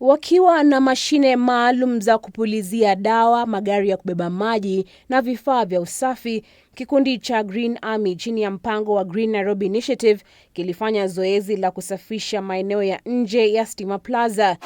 wakiwa na mashine maalum za kupulizia dawa, magari ya kubeba maji na vifaa vya usafi. Kikundi cha Green Army chini ya mpango wa Green Nairobi Initiative kilifanya zoezi la kusafisha maeneo ya nje ya Stima Plaza.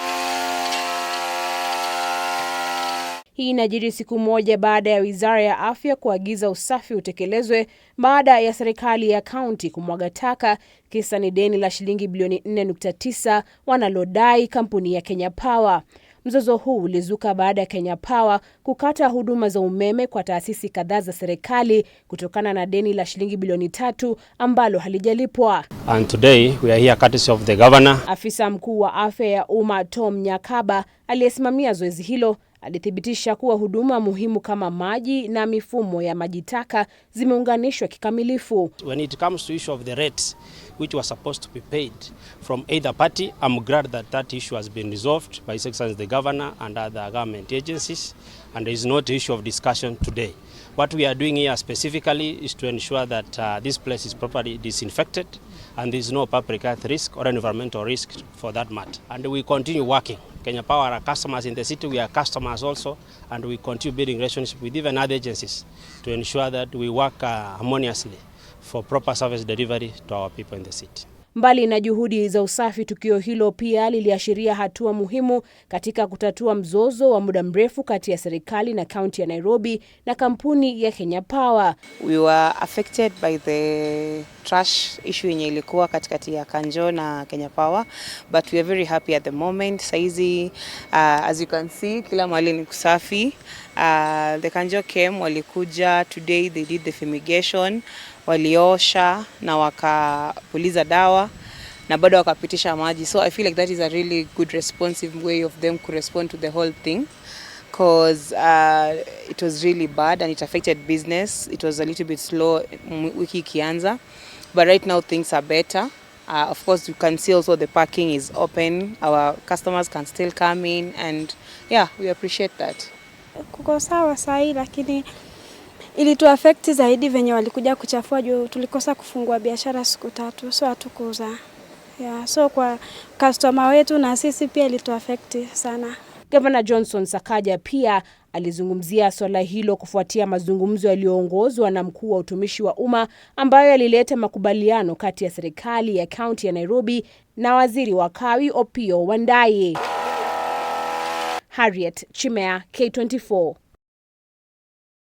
Hii inajiri siku moja baada ya wizara ya afya kuagiza usafi utekelezwe baada ya serikali ya kaunti kumwaga taka. Kisa ni deni la shilingi bilioni 4.9 wanalodai kampuni ya Kenya Power. Mzozo huu ulizuka baada ya Kenya Power kukata huduma za umeme kwa taasisi kadhaa za serikali kutokana na deni la shilingi bilioni tatu ambalo halijalipwa. And today we are here courtesy of the governor. Afisa mkuu wa afya ya umma Tom Nyakaba aliyesimamia zoezi hilo alithibitisha kuwa huduma muhimu kama maji na mifumo ya maji taka zimeunganishwa kikamilifu. When it comes to issue of the rates which was supposed to be paid from either party, I'm glad that that issue has been resolved by the Governor and other government agencies and there is not issue of discussion today. What we are doing here specifically is to ensure that uh, this place is properly disinfected and there is no public health risk or environmental risk for that matter. And we continue working. Kenya Power are customers in the city, we are customers also, and we continue building relationship with even other agencies to ensure that we work uh, harmoniously for proper service delivery to our people in the city. Mbali na juhudi za usafi, tukio hilo pia liliashiria hatua muhimu katika kutatua mzozo wa muda mrefu kati ya serikali na kaunti ya Nairobi na kampuni ya Kenya Power. We were affected by the trash issue yenye ilikuwa katikati ya Kanjo na Kenya Power but we are very happy at the moment. Saizi uh, as you can see kila mahali ni kusafi. Uh, the Kanjo came walikuja today, they did the fumigation, waliosha na wakapuliza dawa na bado wakapitisha maji, so I feel like that is a really good responsive way of them to respond to the whole thing cause uh, it was really bad and it affected business. It was a little bit slow wiki ikianza, but right now things are better. Uh, of course you can see also the parking is open, our customers can still come in and yeah, we appreciate that. Kuko sawa sahi, lakini ilitu affect zaidi venye walikuja kuchafua juu tulikosa kufungua biashara siku tatu, so hatukuuza Yeah, so kwa customer wetu na sisi pia ilituaffect sana. Gavana Johnson Sakaja pia alizungumzia swala hilo kufuatia mazungumzo yaliyoongozwa na mkuu wa utumishi wa umma ambayo yalileta makubaliano kati ya serikali ya kaunti ya Nairobi na waziri wa kawi opio Wandayi. Harriet Chimea, K24.